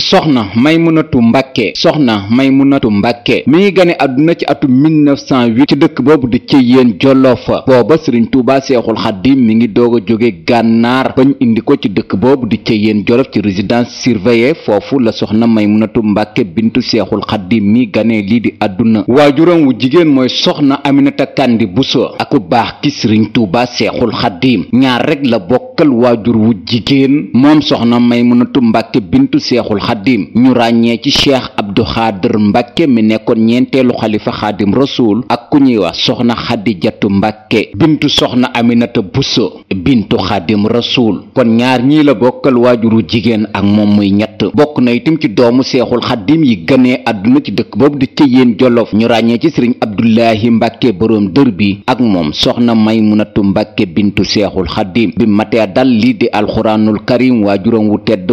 soxna maymunatu mbàkke soxna maymunatu mbàkke mi ngi gane àdduna ci atum 1908 ci dëkk boobu di ci yéen jollofa booba sëriñ tuuba seexul xaddim mi ngi doog a jóge gànnaar bañ indi ko ci dëkk boobu di ci yéen jolof ci résidence surveillée foofu la soxna may maymunatu mbàkke bintu seexul xaddim mi gane lii di àdduna waajuram wu jigéen mooy soxna aminata bu buso aku baax ki sëriñ tuuba seexul xaddim ñaar rek la bokkal waajur wu jigéen moom soxna maymunatu mbàkke bintu seexul xadim ñu ràññee ci cheikh abdu xaadir mbàkke mi nekkoon ñeenteelu xalifa xaadim rasuul ak ku ñuy wax soxna xadijatu mbàkke bintu soxna aminata buso bintu xaadim rasuul kon ñaar ñii la bokkal waajuru jigéen ak moom muy ñett bokk na itam ci doomu seexul xadim yi gënee àdduna ci dëkk boobu di cëyeen jolof ñu ràññee ci sëriñ abdullahi mbàkke boroom dër bi ak moom soxna maymunatu mbàkke bintu seexul xadim bi matee dal lii di alxuraanul karim waajuram wu tedd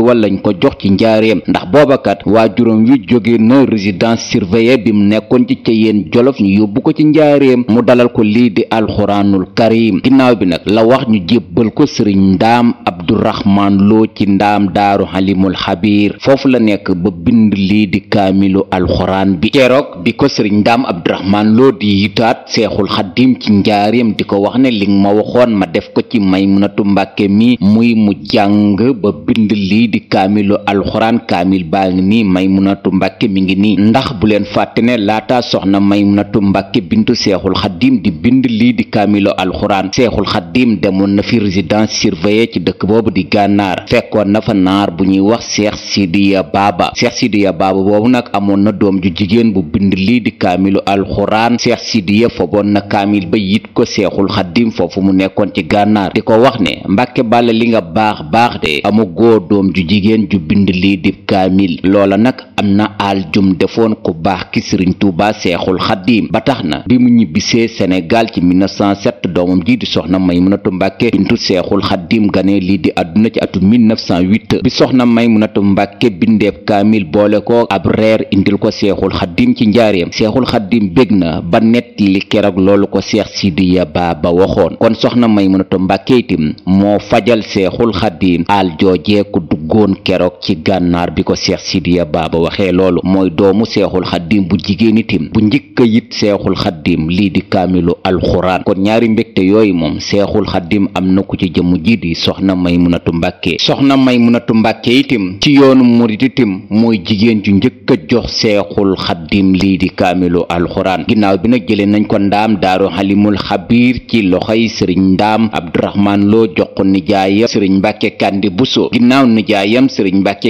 ndax boobakat waa waajuram wi jóge na résidence surveillée bi mu nekkoon ci ca yéen jolof ñu yóbbu ko ci njaareem mu dalal ko lii di alxuraanul karim ginnaaw bi nag la wax ñu jébbal ko sëriñ ndaam abdourahman loo ci ndaam daaru xalimul xabiir foofu la nekk ba bind lii di kaamilo alxuraan bi ceroog bi ko sëriñ ndaam abdourahman loo di yitaat seexul xaddim ci njaareem di ko wax ne li ma waxoon ma def ko ci may mënatu mbàkke mi muy mu jàng ba bind lii di kaamilu alxuraan kaamil baa ngi nii Maymunatu Mbàkke mi ngi nii ndax bu leen fàtte ne laata soxna Maymunatu Mbàkke bintu seexul xaddiim di bind lii di kaamilo alxuraan seexul xaddiim demoon na fi résidence surveillée ci dëkk boobu di gànnaar fekkoon na fa naar bu ñuy wax seex sidiya baaba seex sidiya baaba boobu nag amoon na doom ju jigéen bu bind lii di kaamilu alxuraan seex sidiya foboon na kaamil ba yit ko seexul xaddiim foofu mu nekkoon ci gànnaar di ko wax ne mbàkke bàlla li nga baax baax de amu doom ju jigéen ju bind lii di kaamil loola nag am na aal jum defoon ku baax ki sëriñ tuuba seexul xaddiim ba tax na bi mu ñibbisee sénégal ci 1907 doomam ji di soxna maymunatu mbàkke bintu seexul xaddiim gane lii di àdduna ci atu 1908 bi soxna maymunatu mbàkke bindeeb kaamil boole ko ab reer indil ko seexul xaddiim ci njaareem seexul xaddiim bég na ba nett keroog loolu ko seex ya baa ba waxoon kon soxna may maymunatu mbàkke itim moo fajal seexul xaddiim al joojee ku duggoon keroog ci gànnaar Makhtar bi ko Cheikh Sidiya Baba waxee loolu mooy doomu seexul xaddim bu jigéen itim bu njëkk a yit seexul xaddim lii di kaamilu alxuraan kon ñaari mbégte yooyu moom seexul xaddim am na ku ci jëmm ji di soxna Maymunatu Mbàkke soxna Maymunatu Mbàkke itim ci yoonu murit itim mooy jigéen ju njëkk a jox seexul xaddim lii di kaamilu alxuraan ginnaaw bi nag jëlee nañ ko ndaam daaru xalimul xabiir ci loxoy sëriñ ndaam abdurahmaan loo jox ko nijaayam sëriñ mbàkke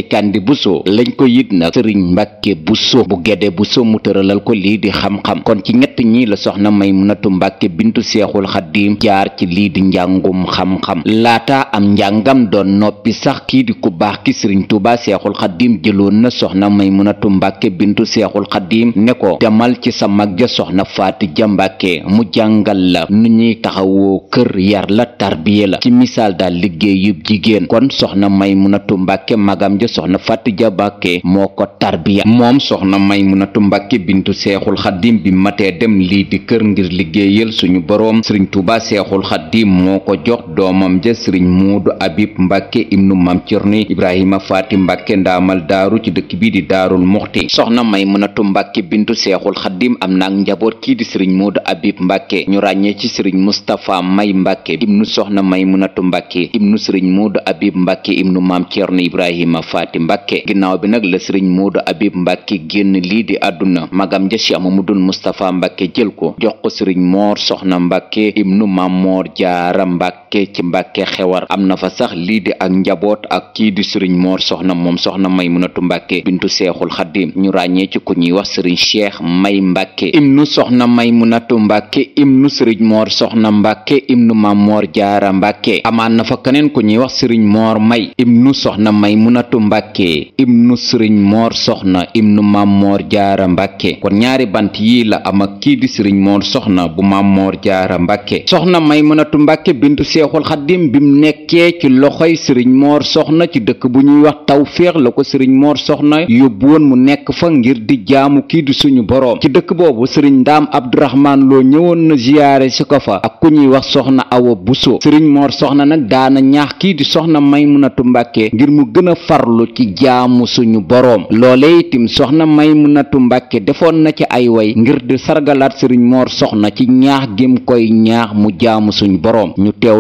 kandi Bousso lañ ko yëg nag sëriñ Mbàkke Bousso bu Gédé Bousso mu tëralal ko lii di xam-xam kon ci ñett ñii la soxna Maymunatu Mbàkke bintu Seexul Xaddiim jaar ci lii di njàngum xam-xam laata am njàngam doon noppi sax kii di ku baax ki sëriñ Tuubaa Seexul Xaddiim jëloon na soxna Maymunatu Mbàkke bintu Seexul Xaddiim ne ko demal ci sa mag ja soxna faat Ja Mbàkke mu jàngal la nu ñuy taxawoo kër yar la tarbiye la ci misaal daal liggéey yub jigéen kon soxna Maymunatu Mbàkke magam ja soxna Faati Xadija Mbàkke moo ko tarbiya moom soxna Maymunatu Mbàkke bintu seexul xadim bi matee dem lii di kër ngir liggéeyal suñu boroom sëriñ Tuubaa seexul xadim moo ko jox doomam ja sëriñ Muudu Abib Mbàkke ibnu Mam Cerni Ibrahima Faati Mbàkke ndaamal daaru ci dëkk bi di daarul muxti soxna Maymunatu Mbàkke bintu seexul xadim am naag njaboot kii di sëriñ Muudu Abib Mbàkke ñu ràññee ci sëriñ Mustapha May Mbàkke ibnu soxna Maymunatu Mbàkke ibnu sëriñ Muudu Abib Mbàkke ibnu Mam Cerni Ibrahima Faati Mbàkke Mbàkke ginnaaw bi nag la sëriñ Moodu Abib Mbàkke génn lii di àdduna magam ja Cheikh Mamadul Moustapha Mbàkke jël ko jox ko sëriñ Moor Soxna Mbàkke ibnu Mamoor Jaara Mbàkke mbàkke ci mbàkke xewar am na fa sax lii di ak njaboot ak kii di sëriñ moor soxna moom soxna may munatu mbàkke bintu seexul xaddim ñu ràññee ci ku ñuy wax sëriñ cheikh may mbàkke imnu soxna may munatu mbàkke im sëriñ moor soxna mbàkke imnu maam moor jaara mbàkke amaan na fa keneen ku ñuy wax sëriñ moor may imnu soxna may munatu mbàkke sëriñ moor soxna imnu maam moor jaara mbàkke kon ñaari bant yii la am ak kii di sëriñ moor soxna bu maam moor jaara mbàkke soxna may munatu mbàkke bintu seexul seexul xaddim bi mu nekkee ci loxoy sëriñ moor soxna ci dëkk bu ñuy wax tawféex la ko sëriñ moor soxna yóbbu woon mu nekk fa ngir di jaamu kii du suñu boroom ci dëkk boobu sëriñ ndaam abduraxmaan loo ñëwoon na ziyaare si ko fa ak ku ñuy wax soxna awa buso sëriñ moor soxna nag daana ñaax kii di soxna may maymunatu mbàkke ngir mu gën a farlu ci jaamu suñu boroom loole itim soxna may maymunatu mbàkke defoon na ci ay way ngir di sargalaat sëriñ moor soxna ci ñaax gim koy ñaax mu jaamu suñu boroom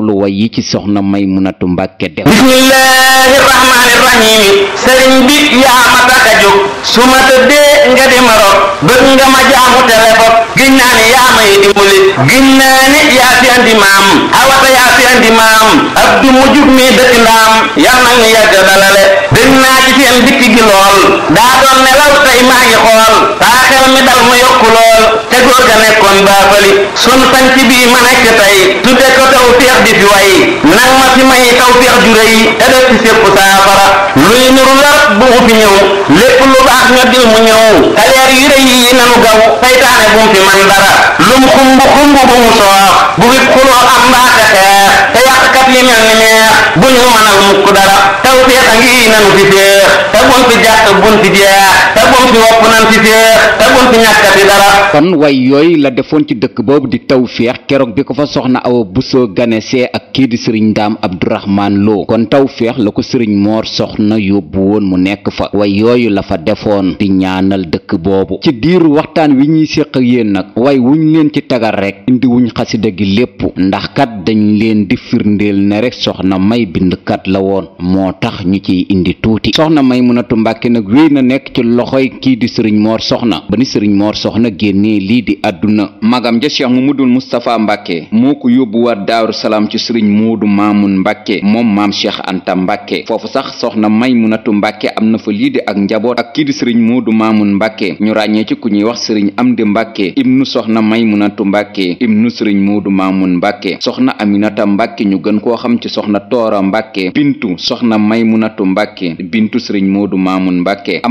tolluwaay yi ci soxna Maymunatu Mbàkke def bismillahi rahmani rahim sëriñ bi yaa ma tax a jóg su ma tëddee nga di ma bëgg nga ma jaamu tere bopp giñ naa yaa may dimbali giñ naa yaa fi andi maam yaa fi andi maam abdu mu jug mi dëkk ndaam yal na ñu yàgg dalale bëgg naa ci seen dikk gi lool daa doon nelaw tey maa ngi xool saa xel mi dal mu yokku lool te góor ga nekkoon baafali sun sanc bii ma nekk tey tudde ko taw feex di fi way ma fi may taw feex ju rëy te dëkk lépp saafara luy niru lar bu mu fi ñëw lépp lu baax ñoddil mu ñëw te leer yu rëy nanu gaw saytaane bu mu fi man dara lum xumb xumb bu mu soox bu fi xuloo am mbaate xeex te yàqkat yi mel ni neex bu ñu mënal mukk dara taw feex a ngi nanu fi féex te bun fi jàtt bun fi tagum ci wopp nan ci féex tagum ñàkkati dara kon way yooyu la defoon ci dëkk boobu di taw féex keroog bi ko fa soxna awa busoo ganesee ak kii di sëriñ ndaam abdourahman loo kon taw féex la ko sëriñ moor soxna yóbbu woon mu nekk fa way yooyu la fa defoon di ñaanal dëkk boobu ci giiru waxtaan wi ñuy séq yéen nag way wuñ leen ci tagal rek indi wuñ xasida gi lépp ndax kat dañ leen di firndeel ne rek soxna may bindkat la woon moo tax ñu ciy indi tuuti loxoy kii di sëriñ moor soxna ba ni sëriñ moor soxna génnee lii di àdduna magam ja mu mamadul mustapha mbàkke moo ko yóbbuwaat daaru salaam ci sëriñ moodu maamun mbàkke moom maam cheikh anta mbàkke foofu sax soxna maymunatu mbàkke am na fa lii di ak njaboot ak kii di sëriñ moodu maamun mbàkke ñu ràññee ci ku ñuy wax sëriñ am amdi mbàkke ibnu soxna maymunatu mbàkke ibnu sëriñ moodu maamun mbàkke soxna aminata mbàkke ñu gën koo xam ci soxna toora mbàkke bintu soxna maymunatu mbàkke bintu sëriñ moodu maamun mbàkke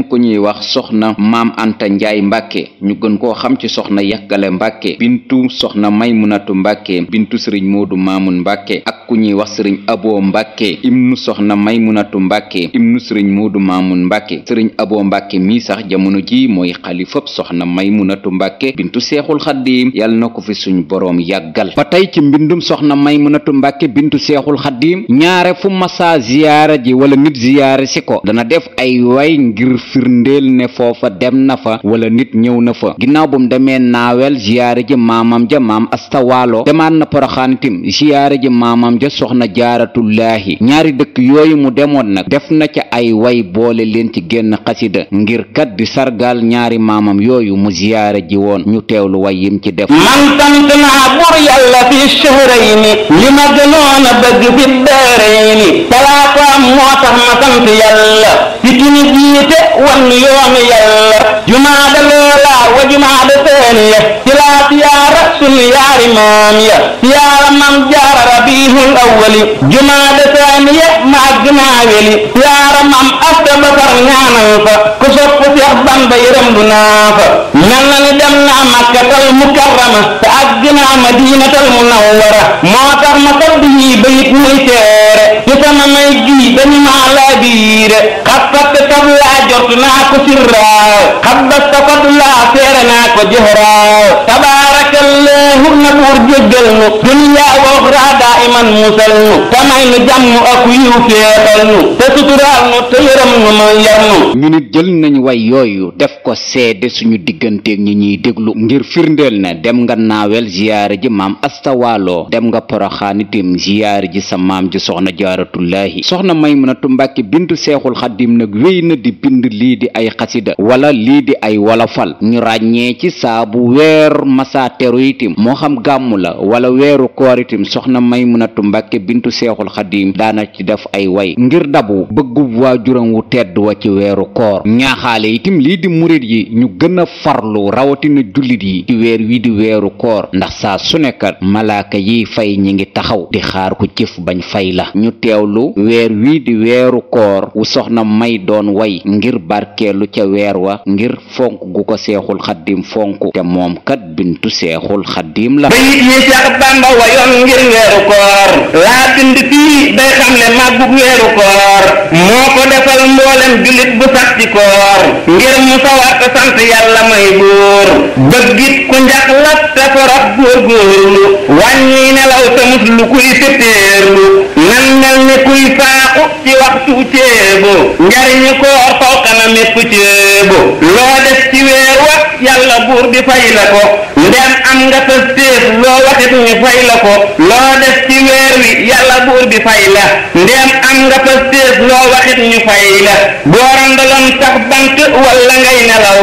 keneen ku ñuy wax soxna maam anta njaay mbàkke ñu gën koo xam ci soxna yàkkale mbàkke bintu soxna maymunatu mbàkke bintu sëriñ moodu maamun mbàkke ak ku ñuy wax sëriñ aboo mbàkke ibnu soxna maymunatu mbàkke ibnu sëriñ moodu maamun mbàkke sëriñ aboo mbàkke mii sax jamono ji mooy xalifab soxna may munatu mbàkke bintu seexul xaddiim yàlla na ko fi suñ borom yàggal ba tey ci mbindum soxna maymunatu mbàkke bintu seexul xaddiim ñaare fu masa ziyaara ji wala nit ziyaara si ko dana def ay way ngir firndeel ne foofa dem na fa wala nit ñëw na fa ginnaaw bu mu demee naawel ziyaare ji maamam ja maam astawaalo demaat na poroxaan itam ziyaare ji maamam ja soxna jaaratullaahi ñaari dëkk yooyu mu demoon nag def na ca ay way boole leen ci génn xasida ngir kat di sargaal ñaari maamam yooyu mu ziyaare ji woon ñu teewlu way yim ci def man tant naa bur yàlla fi shahrayni li ma gënoon a bëgg fi daarayni talaataam moo tax ma sant yàlla ci ki ni wan nu yoonu yàlla jumaada loola wa jumaada teeniya ci laa siyaara sunu yaari maam ya siyaara maam jaara rabiihul awwali jumaada teeniya maag jumaaweli siyaara maam asta basar ñaanal fa ku sopp Seex Bamba yërëm bu naa fa na ni dem naa makkatal mukarrama te àgg naa madinatal munawwara moo tax ma sabbi yi bayit muy teere ci sama may gi dañu maa laabiire xat-xat jortu naa ko sirra xabda sapat laa seere naa ko jëhra tabaarakallaahu na buur jéggal nu dunyaa wa uxraa daa iman musal nu tamay nu jàmm ak yiw féexal nu te suturaal nu te yërëm nu ma yar nu ñu nit jël nañ way yooyu def ko seede suñu digganteeg ñi ñuy déglu ngir firndeel ne dem nga naawel ziyaara ji maam astawaaloo dem nga poroxaan itam ji sa maam ji soxna jaaratullaahi soxna maymunatu mbàkke bintu seexul xaddim nag lii di ay xasida wala lii di ay wolofal ñu ràññee ci saa bu weer masaa teru itim moo xam gàmmu la wala weeru koor itim soxna Maymunatu Mbàkke bintu seexul xadim daana ci def ay way ngir dabu bëggub waajuram wu tedd wa ci weeru koor ñaaxaale itim lii di murit yi ñu gën a farlu rawatina jullit yi ci weer wi di weeru koor ndax saa su nekkat malaaka yi fay ñi ngi taxaw di xaar ku jëf bañ fay la ñu teewlu weer wi di weeru koor wu soxna may doon ngir barkeelu ca weer wa ngir fonk gu ko seexul xaddim fonk te moom kat bintu seexul xaddim la bayit yi Seex Bàmba wayoon ngir weeru koor laa bind fii day xam ne màggug weeru koor moo ko defal mboolem jullit bu sax ci koor ngir mu sawarte sant yàlla may buur bëggit ku njax lat te forot góorgóorlu wàññi nelaw tamus lu kuy fitteerlu nan mel ni kuy faaqu ci waxtu ceebu njariñu koor faw kanam mépp céebo loo def ci weer wa yàlla buur bi fay la ko ndem am nga pastéef loo waxit ñu fay la ko loo def ci weer wi yàlla buur bi fay la ndem am nga pastéef loo waxit ñu fay la boo randaloon sax bant walla ngay nelaw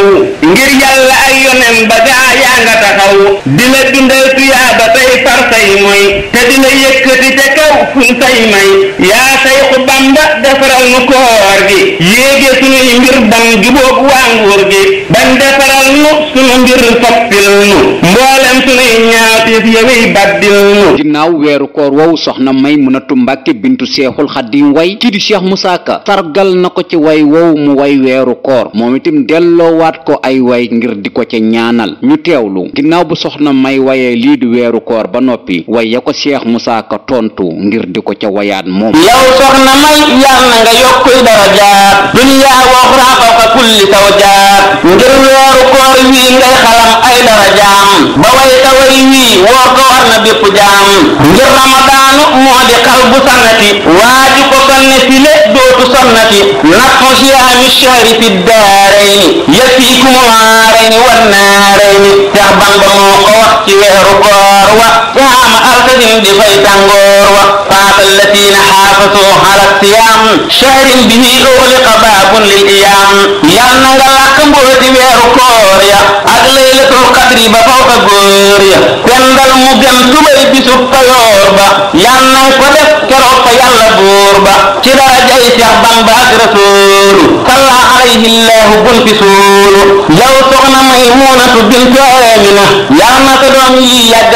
ngir yàlla ak yonem ba gaa yaa nga taxaw di la dundal tuyaa ba tey far moy te di la yëkkati te kaw fuñ say may yaa sayxu bamba defaral nu koor gi yéege sunuy mbir ban jubóog waa nguur gi ban defaral nu sunu mbir soppil nu mboolem sunuy ñaawteef yewey baddil nu ginnaaw weeru koor woowu soxna may munatu mbàkke bintu seexul xaddim way kii di cheikh Moussa sargal na ko ci way woowu mu way weeru koor moom itam delloowaat ko ay way ngir di ko ca ñaanal ñu teewlu ginnaaw bu soxna may wayee lii di weeru koor ba noppi waye ko cheikh Moussa Ka tontu ngir di ko ca wayaat moom yow soxna may yàlla nga yokkuy darajaat dunyaa wa uxraa fawqa kulli sawjaat ngir weeru koor wii ngay xalam jaam ba way ka way wii woor ko war na bépp jaam ngir ramadaanu moo di xal bu sannati waaju ko sonne file dootu sonnati naqmu siyaami shahri fi daarayni yafiikumaa ni war naa rey nit tax Bamba moo ko wax ci weeru koor wa saama altasim di fay tàngoor wa faata allatiina xaafasu ala siyaam shahrin bihi uxliqa baabun lil iyaam yal na nga làkk mbooti weeru koor ya ak laylatul qadri ba fawka góor ya pendal mu gën tubay bisub payoor ba yal na ko def keroog fa yàlla buur ba ci darajay Seex Bamba ak Rasuul salla alayhi llaahu bun fi suulu yow soxna soxna Maymunatu bintu Amina yal na ko doom yi yàgg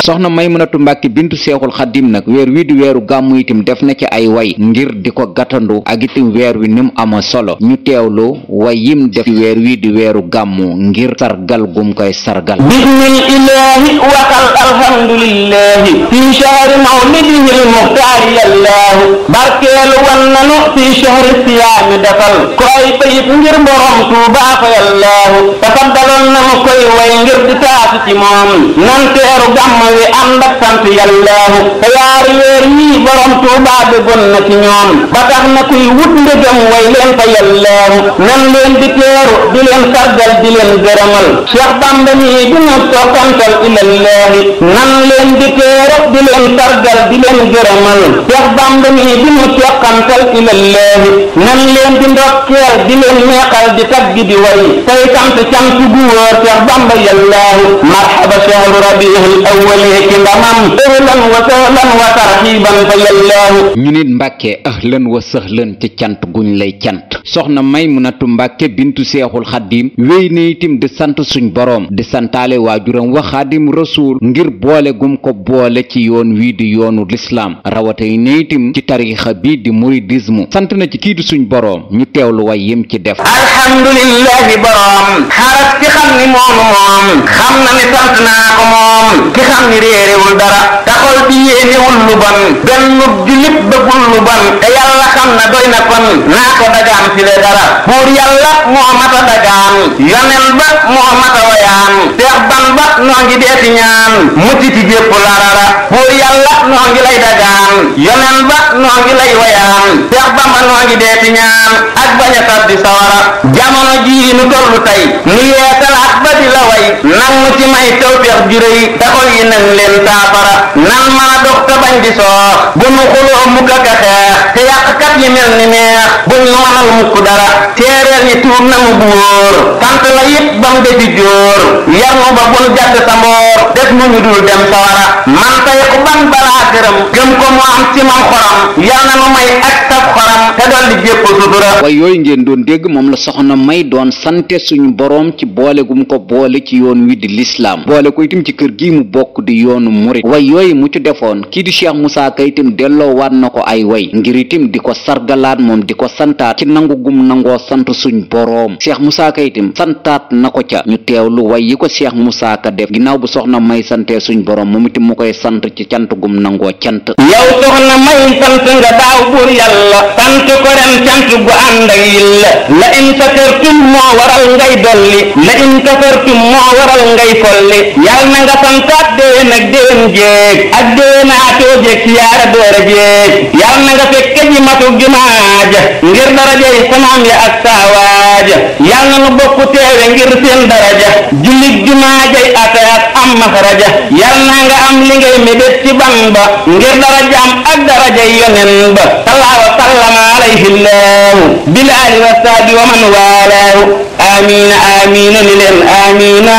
sol bintu Seexul Xadim nag weer wii di weeru gàmmu itim def na ci ay way ngir di ko gàttandu ak weer wi ni mu ama solo ñu teewlu way yim def ci weer wi di weeru gàmmu ngir sargal gum koy sargal bismillahi waxal alhamdulillahi fi shahri mawlidihi almuxtaari yallaahu barkeelu wan nanu fi shahri defal ko ay ngir borom tuubaa fa yallaahu tafaddaloon nanu koy way ngir di taatu ci moom nan teeru wi ànd ak yallaahu te weer yii borom tuubaa bëggoon na ci ñoom ba tax na kuy wut ñëpp ndegam way leen fayal leeru nan leen di teeru di leen sargal di leen gërëmal Cheikh Bamba nii di mu soppantal ilal leeri nan leen di teeru di leen sargal di leen gërëmal Cheikh Bamba nii di mu soppantal ilal leeri nan leen di ndokkeel di leen neexal di tagg di way tey sant sant gu wóor Cheikh Bamba yallaahu marhaba shahru rabiihil awwali ci ndamam ahlan wa sahlan wa tarhiban fa yallaahu ñu nit Mbàkke ahlan wa sahlan cant guñ lay cant soxna Maymunatu Mbàkke bintu seexul xaddiim wéy na itim di sant suñ boroom di santaale waajuram wa xaadim rasuul ngir boole ko boole ci yoon wii di yoonu lislaam rawate na itim ci tariixa sant na ci kii suñ boroom ñu teewlu way yim ci def bëggul lu ban te yàlla xam na doy na kon naa ko dagaan ci le dara buur yàlla moo mat a dagaan yonen ba moo mat a wayaan seex ban ba noo ngi deeti ñaan mucc ci jépp larara buur yàlla noo ngi lay dagaan yonen ba noo ngi lay wayaan seex bamba noo ngi deeti ñaan ak bañ a tabbi sawara jamono jii nu tollu tey nu yeetalaat ba di la way nan mu ci may tawfeex juréy taxol yi nan leen saafara nan mën a bañ di soox bu nu xuloo mukk ak a xeex te yàqkat yi mel ni neex buñ noonal mukk dara teereel ni tuub nanu bu wóor sant la it bam de di jóor yar nu ba bun jadd sa mboor def nu ñu dul dem sawara man tey ku ban balaa gërëm gëm ko mu am ci man xoram yal na nu may ak saf xoram te doon di sutura waaye yooyu ngeen doon dégg moom la soxna may doon sante suñu boroom ci boole gum ko boole ci yoon wi di lislaam boole ko itam ci kër gi mu bokk di yoonu murit way yooyu mu ci defoon kii di Cheikh Moussa Ka itam na ko ay way di santaat moom di ko santaat ci nangu gum nangoo sant suñ boroom cheikh mu Ka itam santaat na ko ca ñu lu way yi ko cheikh mu saaka def ginnaaw bu soxna may sante suñ boroom moom itam mu koy sant ci cant gum nangoo cant nga daaw buur yàlla sant ko ren cant gu ànd ak yilla la in sakartum moo waral ngay dolli la in kafartum moo waral ngay folli yàlla na nga santaat déwén ak déwén jéeg ak déwén aatoo jéeg siyaara door a jéeg yàlla nga fekke ji matu jumaa aaja ngir darajay samaam ya ak saawaaja yàlla nu bokk teewe ngir seen daraja jullit jumaajay atayaat am maxraja yàlla na ban ba ngir darajaam ak darajay yonen ba sallaa wa sallama alayhi llaahu bil aali wa saabi wa man waalaahu amina amina ni leen amina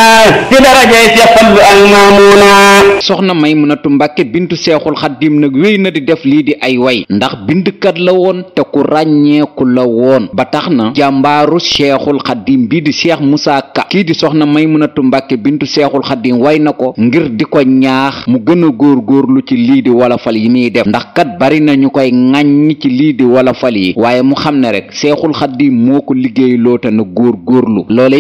ci darajay Seex Fallu ak Maamuna soxna Maymunatu Mbàkke bintu Seexul Xaddiim nag wéy na di def lii di ay way ndax bindkat la woon te ku ràññeeku la woon ba tax na jàmbaaru Seexul Xaddiim bii di Seex Musaa Ka kii di soxna may mënatu Mbàkke bintu Seexul Xaddiim way na ko ngir di ko ñaax mu gën a góorgóorlu ci lii di wolofal yi muy def ndax kat bari na ñu koy ŋàññ ci lii di wolofal yi waaye mu xam ne rek Seexul Xaddiim moo ko liggéey loo góorgóorlu loola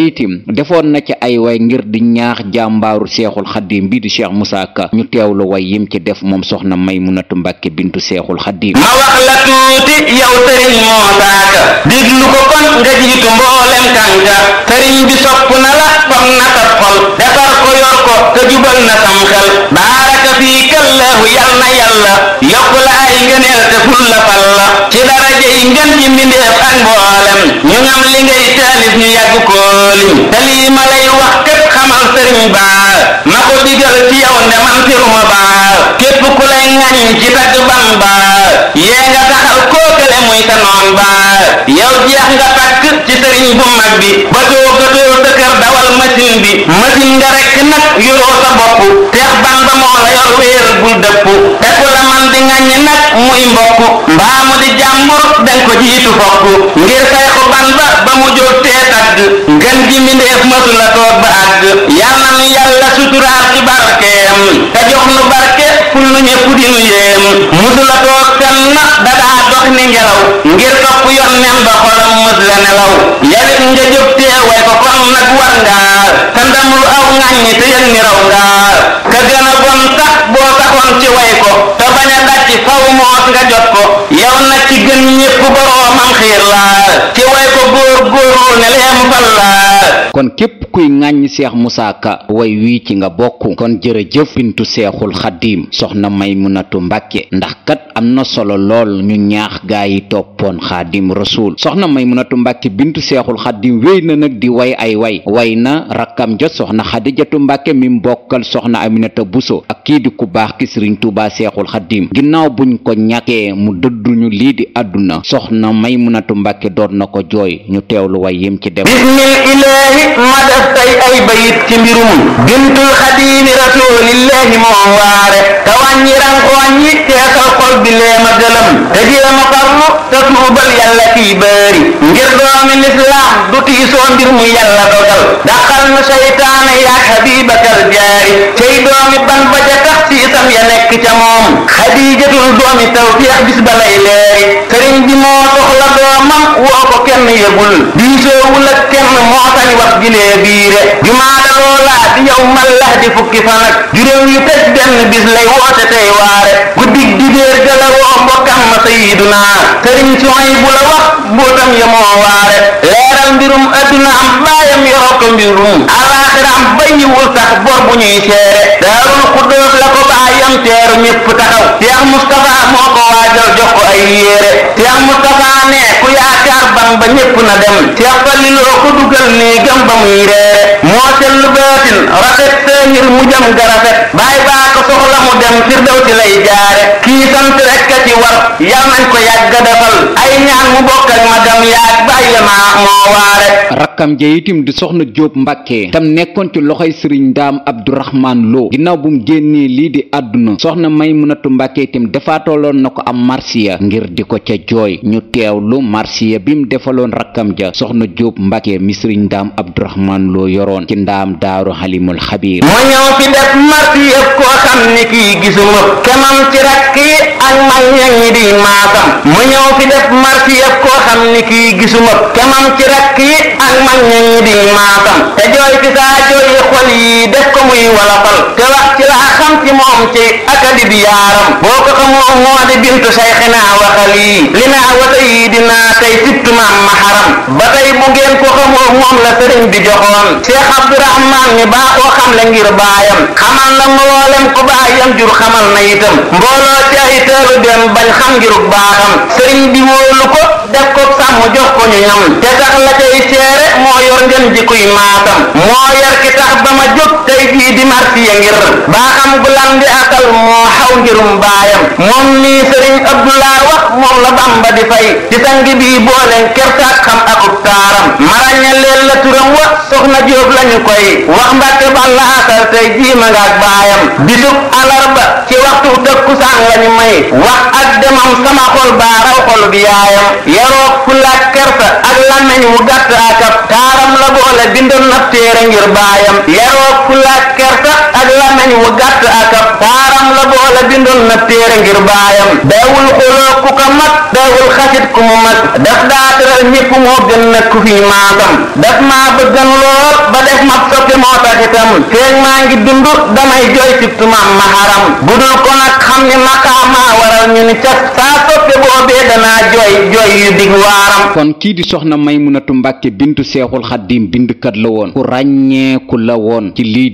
defoon na ci ay way ngir di ñaax jàmbaaru seexul xaddiim bi di cheikh Moussa Ka ñu teewlu way yim ci def moom soxna may mu nattu Mbàkke bintu seexul xaddiim ma wax la tuuti yow sëriñ Moussa Ka diglu ko kon nga jiitu mboolem kànga sëriñ bi sopp na la fam na xol defar ko yor ko te jubal na sam xel baaraka fii kallahu yal na yàlla yokk la ay ngëneel te ful la fal la ci daraje yi ngën ji mbindeef ak mboolem ñu ngam li ngay taalif ñu yàgg koo lim te lii ma lay wax képp xamal sëriñ baa ma ko digal ci yow nde man firuma baa képp ku lay ŋañ ci tagg Bamba yee nga taxal koo muy sa noon ba yow jeex nga takk ci sëriñ bu mag bi ba too gatoo sa kër dawal machine bi machine nga rek nag yoroo sa bopp Seex Bamba moo la yor wéer bul dëpp te ku la man di ŋaññi nag muy mbokk mbaamu di jàmbur dañ ko jiitu fokk ngir Seexu Bamba ba mu jóg tagg ngën gi mbindeef mësu la ba àgg yal na yàlla suturaal ci barkeem te jox nu barke ful nu ñëpp di nu yéem mësu la na da daa dox ni ngelaw nelaw ngir topp yoon nen ba xolam mës la nelaw yawit nga jóg teewee ko kon nag war ngaa te ndam lu aw ŋàññi te yëg ni raw ngaa nga jot ko yow nag ci gën ñépp boroomam xiir la ci way ko góor góorlu ne fal la kon képp kuy ŋàññ seex musaa ka way wii ci nga bokk kon jërëjëf bintu seexul xaddiim soxna maymunatu mbàkke ndax kat am na solo lool ñu ñaax gaa yi toppoon xaadim rasuul soxna maymunatu mbàkke bintu seexul xaddiim wéy na nag di way ay way way na rakkam jot soxna xadijatu mbàkke mi mbokkal soxna aminata buso ak kii di ku baax ki sëriñ tuubaa seexul xaddiim ginnaaw buñ ko ñàkk ñàkkee mu dëdduñu lii di àdduna soxna Maymunatu Mbàkke doon na ko jooy ñu teewlu way yim ci dem bismil ilaahi ma def tay ay bayit ci mbirum bintul xadiimi rasuulillaahi moom waare te wàññi rankooñ yi teesal xol bi lee ma gëlëm te jéema farlu te tuubal yàlla kii bëri ngir doomi lislaam du tiisoo mbir mu yàlla dogal daxal na seytaane yaa xabibakal jaari cey doomi ban ba ja tax ci itam ya nekk ca moom xadiijatul doomi taw tawfeex bis ba lay leeri sëriñ bi moo soxla doomam woo ko kenn yëgul diisoowul ak kenn moo tañ wax gilee biire jumaada loolaa di yow mallax di fukki fan ak juróom yu tëj benn bis lay woote tey waare guddig dibéer gala woo mbokkam ma sayiduna sëriñ soy bu la wax mbootam ya moo waare leeral mbirum adduna am baayam yoroo ko mbirum alaaxiram bàyyiwul sax bor bu ñuy seere daarul xuddoos la ko baayam teeru ñëpp taxaw Cheikh Moustapha moo ko ko waajal jox ko ay yére Cheikh Moustapha ne ku yaakaar ban ba ñépp na dem Cheikh Faliloo ko dugal nii gëm ba muy reere moo sellu baatin rafet sëngir mu jëm ga rafet baa ko soxla mu dem firdaw ci lay jaare kii sant rek ka ci war yal ko yàgga defal ay ñaan mu bokk ma dem yaag bàyyi la moo waare rakkam ja di soxna Jóob Mbàkke tam nekkoon ci loxoy sëriñ Ndaam Abdurahmaan Lo ginnaaw bu mu génnee lii di àdduna soxna Maymunatu Mbàkke itam dafa tolloon defoon na ko am marsiya ngir di ko ca jooy ñu teewlu marsiya bi mu defaloon rakkam ja soxna Jóob Mbàkke mi sëriñ ndaam Abdurahmaan Lo yoroon ci ndaam daaru xalimul xabiir mu ñëw fi def marsiya koo xam ni kii gisuma kanam ci rakk yi ak mag ñëw yi di maasam te jooy fi saa jooyi xol yi def ko muy walafal te wax ci la xam ci moom ci akadi bi yaaram boo ko xamoo Faati bintu Sayxina wa xalii linaa wa sayidina tey sibtu maam maharam ba tey bu ngeen ko xamoo moom la sëriñ bi joxoon Cheikh Abdourahman mi baaxoo xam la ngir baayam xamal na mboolem ku baayam jur na itam mbooloo ci ay teelu dem bañ xam ngir baaxam sëriñ bi wóolu ko def ko sàmm jox ko ñu ñam te tax la cay seere moo yor ngeen jikkuy maatam moo yar ki tax ma jóg tey jii di marsiya ngir baaxam gu landi akal moo xaw ngirum baayam lii sëriñ Abdullah wax moom la Bamba di fay ci sang bii booleen kertaak xam akub taaram maraña leen la turam wa soxna Jóob lañu koy wax Mbàkke Balla asar tey jii ma ngaak baayam bisub alarba ci waxtu tëkkusaan lañu may wax ak demam sama xol baa raw xol bi yaayam yaroog fulaak kerta ak làmmiñ wu gàtt taaram la boole bindoon na ngir baayam yaroog fulaak kerta ak lamañ wu gàtt ak ab la boole bindoon na téere ngir baayam daawul xuloo ku ko mag daawul xasit ku mu mag daf daataral ñépp moo gën na ku fi maasam daf maa bëggan lool ba def ma soppe moo tax itam maa ngi dund damay jooy ci tumaam ma xaram bu dul ko nag xam ni maqaamaa waral ñu ni cas saa soppe boobee danaa jooy jooy yu dig waaram kon kii di soxna Maymunatu Mbàkke bintu Seexul Xaddiim bindkat la woon ku ràññeeku la woon ci lii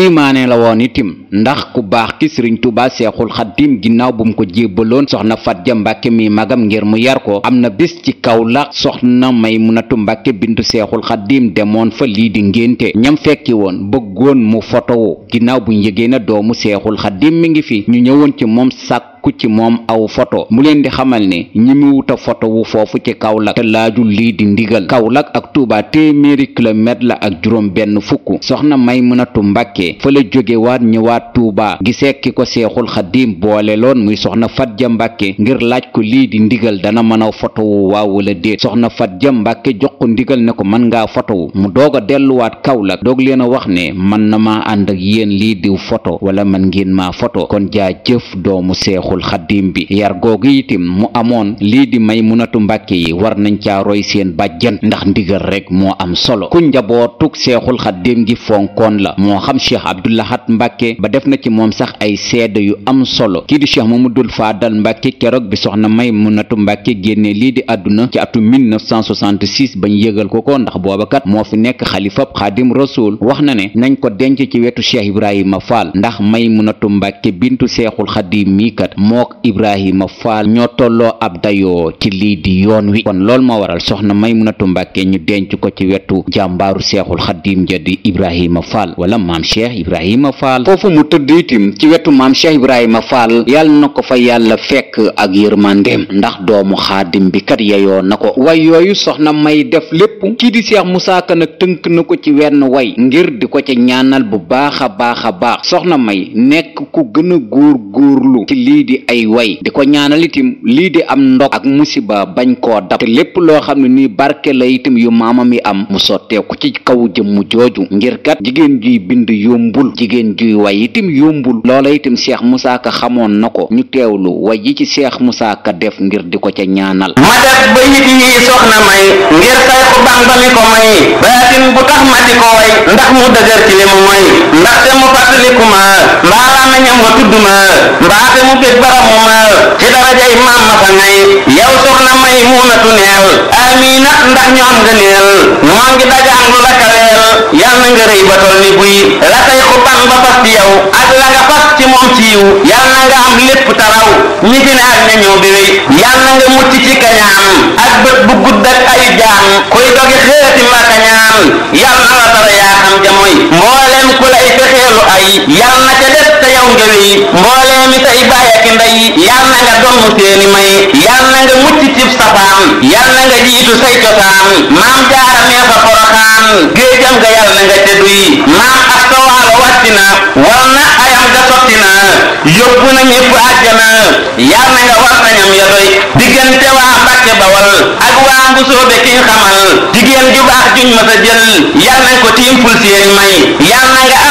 kéemaane la itim ndax ku baax ki sëriñ tubaa seexul xaddim ginnaaw bu mu ko jébbaloon soxna fatja mbàkke mi magam ngir mu yar ko am na bés ci kaw Kawlax soxna Maymunatu mbàkke bintu seexul xaddim demoon fa lii di ngénte ñam fekki woon bëggoon mu fotowu ginnaaw bu yëgee doomu seexul xaddim mi ngi fi ñu ñëwoon ci moom sàkk sàkku ci moom aw foto mu leen di xamal ne ñi mu wuta foto wu foofu ci Kaolack te laajul lii di ndigal Kaolack ak Touba téeméeri kilomètre la ak juróom benn fukk soxna Maymunatu Mbàkke fa la jóge waat ñëwaat tuubaa gi ki ko Seexul Xadiim boole loon muy soxna Fatja Mbàkke ngir laaj ko lii di ndigal dana mën a foto wu waaw wala déet soxna fat Fatja Mbàkke jox ko ndigal ne ko mën ngaa foto mu doog a delluwaat Kaolack doog leen a wax ne man na ma ànd ak yéen lii diw foto wala man ngeen maa foto kon jaa jëf doomu seexu seexul xaddiim bi yar googu itim mu amoon lii di may Maymunatu Mbàkke yi war nañ caa roy seen bàjjan ndax ndigal rek moo am solo ku njabootug seexul xaddiim gi fonkoon la moo xam cheikh Abdou Lahad Mbàkke ba def na ci moom sax ay seede yu am solo kii mu cheikh Mamadul Faadal Mbàkke keroog bi soxna Maymunatu Mbàkke génne lii di àdduna ci atu 1966 bañ yëgal ko ko ndax booba kat moo fi nekk xalifa xaadim rasul wax na ne nañ ko denc ci wetu cheikh Ibrahima Fall ndax Maymunatu Mbàkke bintu seexul xaddiim mii mook Ibrahima Faal ñoo tolloo ab dayoo ci lii di yoon wi kon loolu moo waral soxna may munatu Mbàkke ñu denc ko ci wetu jàmbaaru seexul xaddiim ja di Ibrahima Faal wala maam Cheikh Ibrahima Faal foofu mu tëdd itim ci wetu maam Cheikh Ibrahima Faal yàlla na ko fa yàlla fekk ak yërmandeem ndax doomu xaadim bi kat yeyoo na ko way yooyu soxna may def lépp kii di Seex Musaa Ka nag tënk na ko ci wenn way ngir di ko ci ñaanal bu baax a baax a baax soxna may di ay way di ko ñaanal lii di am ndog ak musiba bañ koo dab te lépp loo xam ne nii barke la itam yu maamam yi am mu sotteeku ci kaw jëmm jooju ngir kat jigéen juy bind yombul jigéen juy way itam yombul loola itam Cheikh Moussa xamoon na ko ñu teewlu way yi ci seex Moussa Ka def ngir di ko ca ñaanal ma ba yit yi soxna may ngir say ko bambali ko may lakin ma di ko way ndax mu dëgër ci li mu moy ndaxte mu fàttaliku ma mbaa laa meñam wa tudd ma mbaate mu bég baramu ma ci darajay maam ma fa ngay yow soxna may muunatu neel amina ndax ñoom nga neel moo ngi dajaan lu la kaweel yal na nga rëy ba tol ni buy la tey xubban ba fas ci la nga fas moom ci yal na nga am lépp taraw ñi ci ne ak bi yal na nga mucc ci kañaam ak bët bu gudd ay jaam kuy dogi xeeti ma kañaam ñaan yàlla na la dara yaa xam jamoy mbooleem ku lay fexeelu ay yàlla na ca des te yow nga wéy mbooleemi say baay ak ndey na nga donn seeni may yàlla na nga mucc cib safaan yàlla na nga jiitu say cosaan maam jaara mee fa géejam nga yàlla na nga ca maam ak sa waalo wàcci na wal na ayam nga sotti na yóbbu na ñépp àjjana yàlla na nga war nañam ya doy diggante waa Mbàkke Bawal ak waa Mbusoobe kiñ xamal jigéen ju juñ ma sa jël yal nañ ko tiim pul seen may yal na nga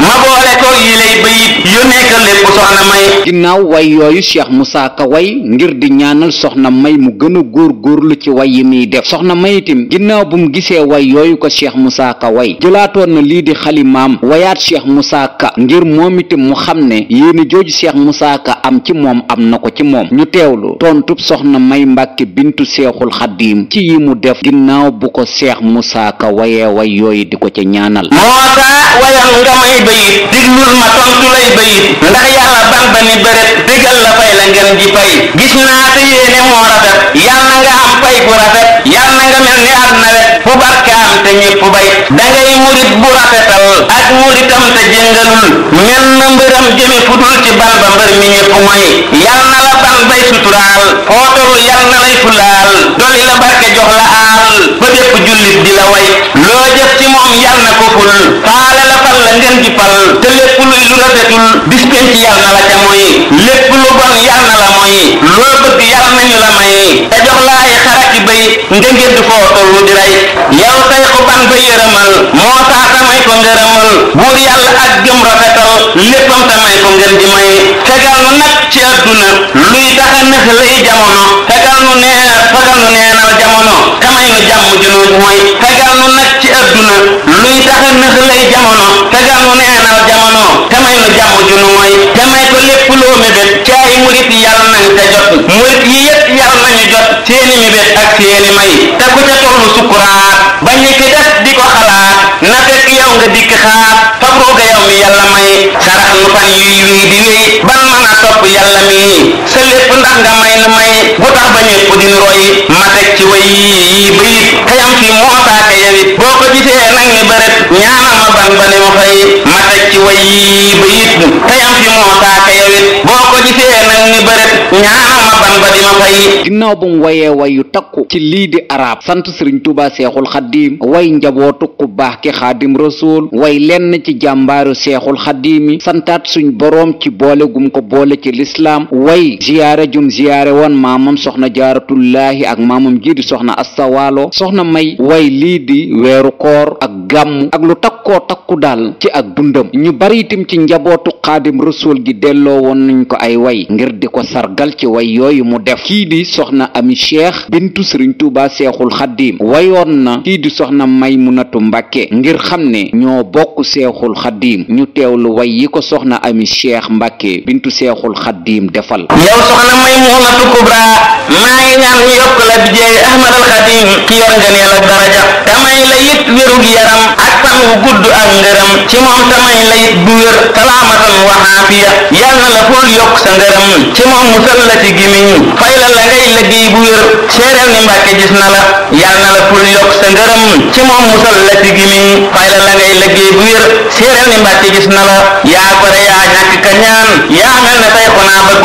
ma boole ko yi lay bayit yu nekk lépp soxna may ginnaaw way yooyu Cheikh Moussa Ka way ngir di ñaanal soxna may mu gën a góor góorlu ci way yi muy def soxna may ginnaaw bu mu gisee way yooyu ko Cheikh Moussa Ka way jëlaatoon na lii di xalimaam wayaat cheikh Moussa Ka ngir moom itam mu xam ne yéene jooju cheikh Moussa Ka am ci moom am na ko ci moom ñu teewlu tontub soxna may mbàkke bintu seexul xaddiim ci yi mu def ginnaaw bu ko seex Moussa Ka wayee way yooyu di ko ca ñaanal moo daa wayal nga may bayit diglul ma tontu lay bayit ndax yàlla ban ba ni béréb digal la fay la ngeen ji fay gis naa te yéene moo rafet yàlla nga am fay bu rafet yàlla nga mel ni am te ñépp mooy murit bu rafetal ak muritam te jëngalul mel na mbëram jëme fudul ci ban ba mbër mi ñëpp mooy yal na la ban bay suturaal footoru yal na lay fulaal doli la barke jox la aal ba bépp jullit di la way loo jëf ci moom yal na ko ful faale la fal la ngeen ci fal te lépp luy lu rafetul bis penc yal na la ca mooy lépp lu bon yal na la mooy loo bëgg yal nañu la may te jox la ay xar di béy ndegeen di foo tollu di rey yow say xuban ba yërëmal moo saata may ko ngërëmal buur yàlla ak gëm rafetal léppam ta ko ngeen di may fegal nu nag ci adduna luy taxa neex lay jamono fegal nu nee fegal nu neenal jamono kamay nu jàmm junóoj mooy fegal nu nag ci adduna luy taxa neex lay jamono fegal nu neenal jamono kamay nu jàmm junu mooy te may ko lépp loo mébét ci ay murit yàlla ca jot murit yi yëpp yàlla jot seeni mébét ak seeni may te ku ca tollu sukkuraat ba ñi ci des di ko xalaat na fekk yow nga dikk xaar fab rooga yow mi yàlla may sarax nu fan yuy wii di wéy ba yàlla mii sa lépp ndax nga may na may bu tax ba ñëpp di roy ma teg ci way yii ba ne mu xëy moo saaka yawit boo ko gisee nag ni bërët ñaanal ma ban ba di ma xëy ginnaaw bu mu wayee wayu takku ci lii di araab sant sëriñ tuuba seexul xaddiim way njabootu ku baax ki xaadim rasul way lenn ci jàmbaaru seexul xaddiim yi santaat suñ boroom ci boole gum ko boole ci lislaam way ziyaara jum ziyaare woon maamam soxna jaaratullaahi ak maamam ji di soxna astawalo soxna may way lii di weeru koor ak gàmmu ak lu takkoo takku daal ci ak dundam ñu bari itam ci njabootu xaadim rasuul gi delloo woon nañ ko ay way ngir di ko sargal ci way yooyu mu def kii di soxna ami cheikh bintu sëriñ tuuba seexul xaddiim wayoon na kii di soxna may munatu mbàkke ngir xam ne ñoo bokk seexul xaddiim ñu teewlu way yi ko soxna ami cheikh mbàkke bintu seexul xaddiim defal yow soxna Maymunatu Kubra maa ngi ñaan ñu yokk la bi jeey Ahmad al nga neel ak daraja tamay la it wérug yaram ak fan wu gudd ak ngërëm ci moom tamay la it bu yokk sa ngërëm ci fay la la ngay na la yal na la fool yokk sa ngërëm bu wér seereel ni Mbàkke gis na la yaa gore yaa ñàkk ka yaa mel ne tey maa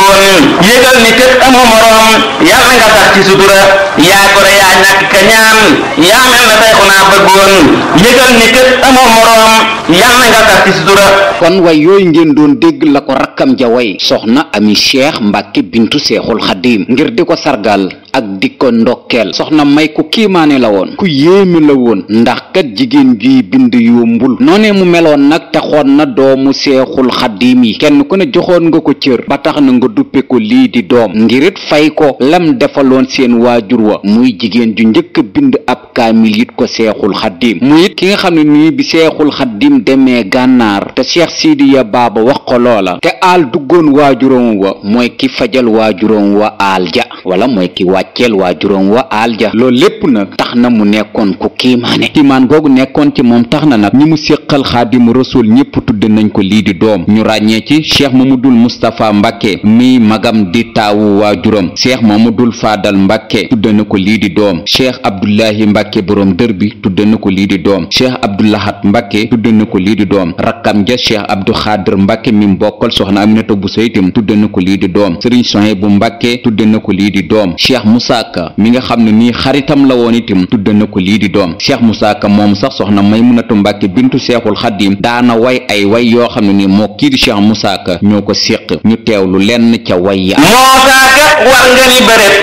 kon way yooyu ngeen doon dégg la ko rakkam ja way soxna ami cheikh mbàkke bintu seexul xadim ngir di ko sargal ak di ko ndokkeel soxna may ku kiimaane la woon ku yéeme la woon ndax kat jigéen juy bind yombul noonee mu meloon nag taxoon na doomu seexul xadim yi kenn ku ne joxoon nga ko cër ba tax tax na nga duppe lii di doom ngirit fay ko lam defaloon seen waajur wa muy jigéen ju njëkk bind ab kaamil yit ko seexul xaddiim mu ki nga xam ne nii bi seexul xaddiim demee gànnaar te seex ya baaba wax ko loola te aal duggoon waajuroom wa mooy ki fajal waajuroom wa aal ja wala mooy ki wàcceel waajuroom wa aal ja loolu lépp nag tax na mu nekkoon ku kiimaane kiimaan googu nekkoon ci moom tax na nag ñi mu séqal xaadimu rasuul ñépp tudde nañ ko lii di doom ñu ràññee ci ma mu dul mustapha mbàkke mbàkke mi magam di taawu waa waajuram cheikh dul faadal mbàkke tudde na ko lii di doom cheikh abdullahi mbàkke boroom dër bi tudd na ko lii di doom cheikh abdoulahat mbàkke tudde na ko lii di doom rakkam ja cheikh abdou xaadir mbàkke mi mbokkal soxna aminata bu saytim tudde na ko lii di doom sëriñ sohe bu mbàkke tudde na ko lii di doom cheikh moussa mi nga xam ne nii xaritam la woon itam tudd na ko lii di doom cheikh moussa ka moom sax soxna maymunatu mbàkke bintu cheikhul xadim daana way ay way yoo xam ne nii moo kii di cheikh moussa ñoo ko séq séq ñu teewlu lenn ca wayya moosaa kat war nga ni bërét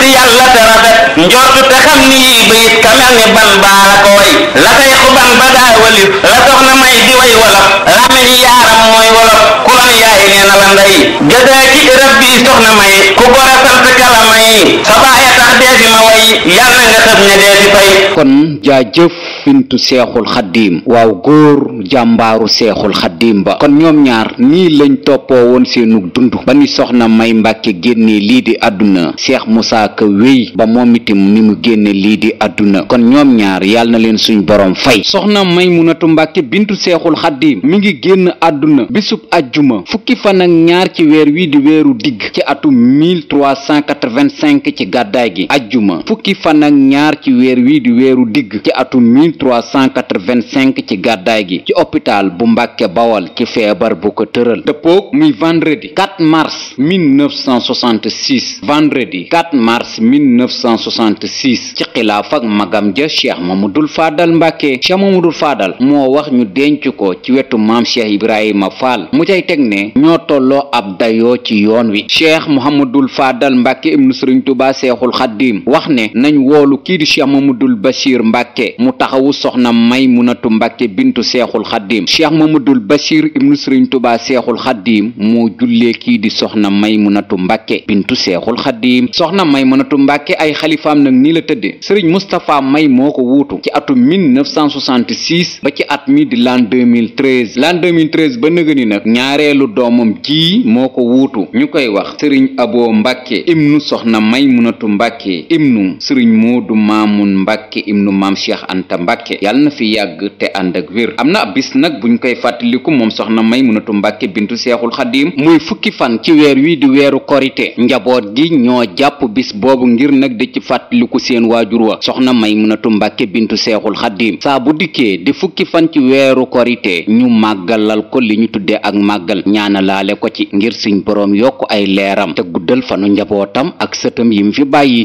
te yàlla te rafet njortu xam ni yii bayit kamel ni ban baa la ko way la tay xuban ba daa waliw la soxna may di way wolof lameñ yaaram mooy wolof kulon yaay nee na la ndey gëdaa ci rabbi soxna may ku gora sant kala may sa tax dee fi ma way yàlla nga xëb ne dee fi fay kon jaajëf fintu seexul xaddiim waaw góor jàmbaaru seexul xaddiim ba kon ñoom ñaar nii lañ toppoo woon seenug dund ba ni soxna may mbàkke génne lii di àdduna seex musaa ko wéy ba moom itam ni mu génne lii di àdduna kon ñoom ñaar yàlla na leen suñu boroom fay soxna may munatu mbàkke bintu seexul xaddiim mi ngi génn àdduna bisub ajjuma fukki fan ñaar ci weer wi di weeru digg ci atum 1385 ci gàddaay gi ajjuma fukki fan ñaar ci weer wii di weeru digg ci atum 1385 ci gàddaay gi ci hôpital bu Mbàkke Bawal ci feebar bu ko tëral dëppoog muy vendredi 4 mars 1966 vendredi 4 mars 1966 ci xilaaf ak magam ja cheikh mamadul faadal Mbàkke cheikh mamadul faadal moo wax ñu denc ko ci wetu maam cheikh ibrahima faal mu cay teg ne ñoo tolloo ab dayoo ci yoon wi cheikh mohamadul faadal Mbàkke ibnu sëriñ Tuubaa seexul xaddiim wax ne nañ woolu kii di cheikh mamadul bashir Mbàkke mu taxaw taxawu soxna maymunatu mbàkke bintu seexul xaddiim cheikh mamadul bashir ibnu sëriñ tubaa seexul xaddiim moo jullee kii di soxna may munatu mbàkke bintu seexul xaddiim soxna may maymunatu mbàkke ay xalifaam nag nii la tëdde sëriñ mustapha may moo ko wuutu ci atum 1966 ba ci at mi di l'an 2013 l'an 2013 ba nëgëni nag ñaareelu doomam ji moo ko wuutu ñu koy wax sëriñ aboo mbàkke ibnu soxna maymunatu mbàkke ibnu sëriñ moodu maamun mbàkke ibnu maam cheikh anta mbàkke yàlla na fi yàgg te ànd ak wér am na a bis nag bu ñu koy fàttaliku moom soxna munatu mbàkke bintu seexul xadiim muy fukki fan ci weer wii di weeru korite njaboot gi ñoo jàpp bis boobu ngir nag di ci fàttaliku seen waajur wa soxna Maymunatu mbakke bintu seexul xadiim saa bu dikkee di fukki fan ci weeru korite ñu màggalal ko li ñu tuddee ak màggal ñaanalaale ko ci ngir suñ boroom yokk ay leeram te guddal fanu njabootam ak sëtam yi mu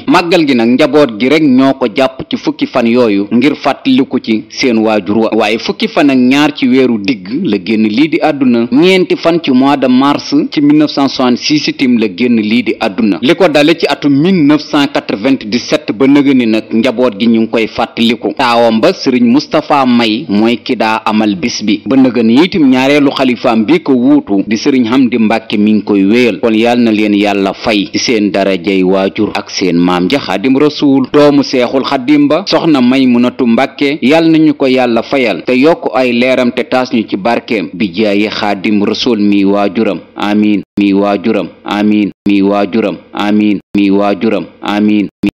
màggal gi nag njaboot gi dolliku ci seen waajur wa waaye fukki fan ak ñaar ci weeru digg la génn lii di àdduna ñeenti fan ci mois de mars ci 1966 itim la génn lii di àdduna li ko dale ci atum 1997 ba nëgëni nag njaboot gi ñu ngi koy fàttaliku taawam ba sëriñ Moustapha May mooy ki daa amal bis bi ba nëgëni itim ñaareelu xalifaam bi ko wuutu di sëriñ di Mbàkke mi ngi koy wéyal kon yàlla na leen yàlla fay ci seen darajay waajur ak seen maam ja Xaadim Rasuul doomu Seexul Xaadim ba soxna May Munatu Mbàkke yàlla na ñu ko yàlla fayal te yokk ay leeram te taas ñu ci barkeem bi jaayi xaadim rasul mi waajuram amiin mi waajuram amiin mi waajuram amiin mi waajuram amiin